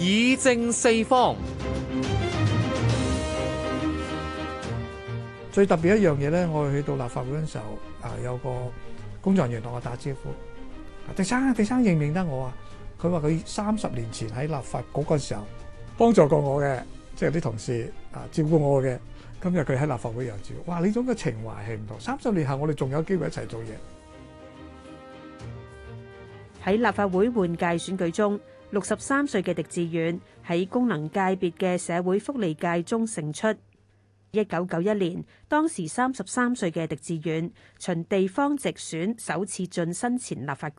議政四方。最特別一樣嘢咧，我係去到立法會嗰陣時候，啊有個工作人員同我打招呼，狄生狄生認唔認得我啊？佢話佢三十年前喺立法會嗰個時候幫助過我嘅，即係啲同事啊照顧我嘅。今日佢喺立法會又照，哇！呢種嘅情懷係唔同。三十年後，我哋仲有機會一齊做嘢。喺立法會換屆選舉中。六十三歲嘅狄志遠喺功能界別嘅社會福利界中勝出。一九九一年，當時三十三歲嘅狄志遠，循地方直選首次晉身前立法局，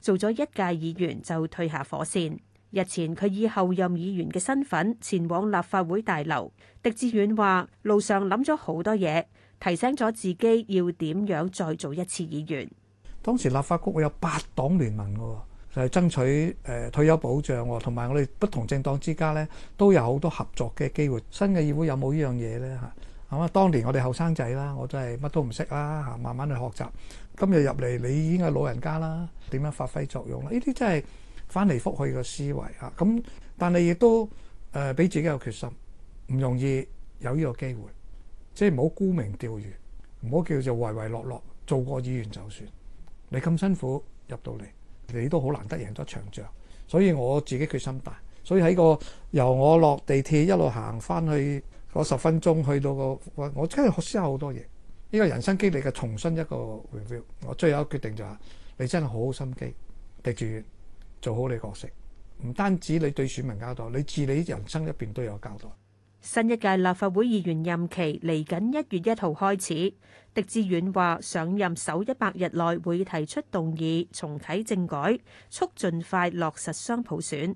做咗一屆議員就退下火線。日前，佢以候任議員嘅身份前往立法會大樓。狄志遠話：路上諗咗好多嘢，提醒咗自己要點樣再做一次議員。當時立法局有八黨聯盟嘅。就係爭取誒退休保障，同埋我哋不同政黨之間咧都有好多合作嘅機會。新嘅議會有冇呢樣嘢咧？嚇，咁當年我哋後生仔啦，我都係乜都唔識啦，慢慢去學習。今日入嚟你已經係老人家啦，點樣發揮作用咧？呢啲真係翻嚟覆去嘅思維嚇。咁但係亦都誒俾自己有決心，唔容易有呢個機會，即係唔好沽名釣譽，唔好叫做唯唯諾諾做過議員就算。你咁辛苦入到嚟。你都好難得贏一咗場仗，所以我自己決心大，所以喺個由我落地鐵一路行翻去嗰十分鐘去到個我真係學識好多嘢，呢個人生經歷嘅重新一個 review，我最後決定就係你真係好好心機記住做好你角色，唔單止你對選民交代，你自你人生入邊都有交代。新一屆立法會議員任期嚟緊一月一號開始，狄志遠話上任首一百日內會提出動議重啟政改，促盡快落實雙普選。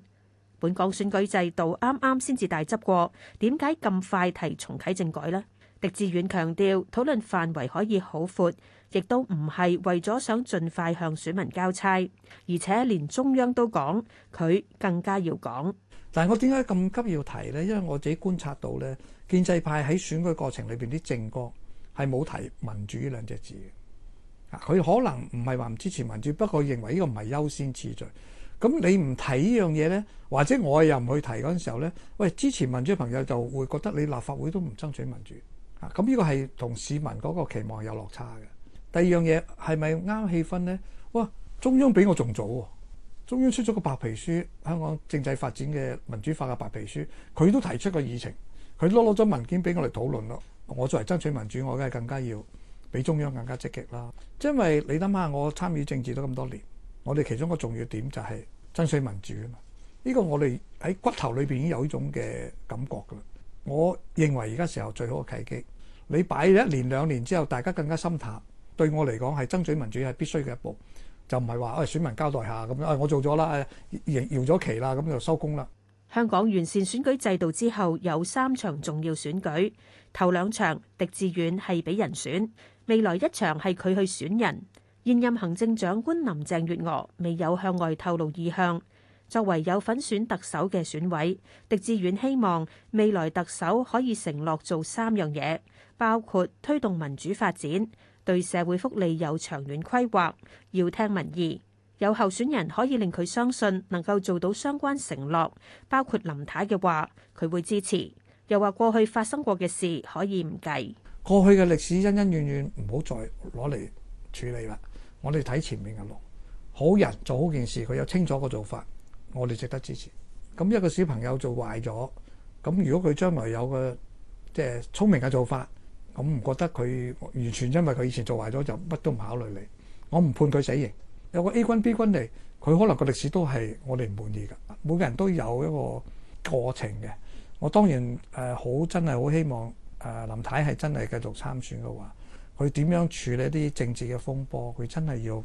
本港選舉制度啱啱先至大執過，點解咁快提重啟政改呢？狄志遠強調，討論範圍可以好闊，亦都唔係為咗想盡快向選民交差，而且連中央都講，佢更加要講。但係我點解咁急要提呢？因為我自己觀察到呢，建制派喺選舉過程裏邊啲政綱係冇提民主呢兩隻字。佢可能唔係話唔支持民主，不過認為呢個唔係優先次序。咁你唔提呢樣嘢呢，或者我又唔去提嗰陣時候呢？喂，支持民主嘅朋友就會覺得你立法會都唔爭取民主。咁呢個係同市民嗰個期望有落差嘅。第二樣嘢係咪啱氣氛呢？哇！中央比我仲早喎，中央出咗個白皮書，香港政制發展嘅民主化嘅白皮書，佢都提出個議程，佢攞攞咗文件俾我哋討論咯。我作為爭取民主，我梗係更加要比中央更加積極啦。因為你諗下，我參與政治都咁多年，我哋其中個重要點就係爭取民主啊嘛。呢個我哋喺骨頭裏面已經有一種嘅感覺㗎啦。我認為而家時候最好嘅契機。你擺一年兩年之後，大家更加心淡。對我嚟講，係爭取民主係必須嘅一步，就唔係話誒選民交代下咁樣，哎，我做咗啦，搖搖咗旗啦，咁就收工啦。香港完善選舉制度之後，有三場重要選舉，頭兩場狄志遠係俾人選，未來一場係佢去選人。現任行政長官林鄭月娥未有向外透露意向。作為有份選特首嘅選委，狄志遠希望未來特首可以承諾做三樣嘢。包括推動民主發展，對社會福利有長遠規劃，要聽民意，有候選人可以令佢相信能夠做到相關承諾，包括林太嘅話，佢會支持。又話過去發生過嘅事可以唔計，過去嘅歷史恩恩怨怨唔好再攞嚟處理啦。我哋睇前面嘅路，好人做好件事，佢有清楚嘅做法，我哋值得支持。咁一個小朋友做壞咗，咁如果佢將來有個即係聰明嘅做法。我唔覺得佢完全因為佢以前做壞咗就乜都唔考慮你。我唔判佢死刑。有個 A 軍 B 軍嚟，佢可能個歷史都係我哋唔滿意㗎。每個人都有一個過程嘅。我當然誒、呃、好真係好希望誒、呃、林太係真係繼續參選嘅話，佢點樣處理啲政治嘅風波？佢真係要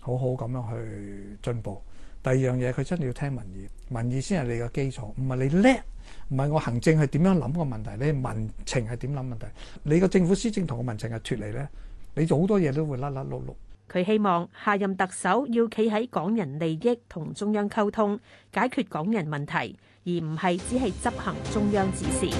好好咁樣去進步。第二樣嘢，佢真係要聽民意，民意先係你嘅基礎，唔係你叻。唔係我行政係點樣諗個問題，你民情係點諗問題，你個政府施政同個民情係脫離呢，你做好多嘢都會甩甩碌碌。佢希望下任特首要企喺港人利益同中央溝通，解決港人問題，而唔係只係執行中央指示。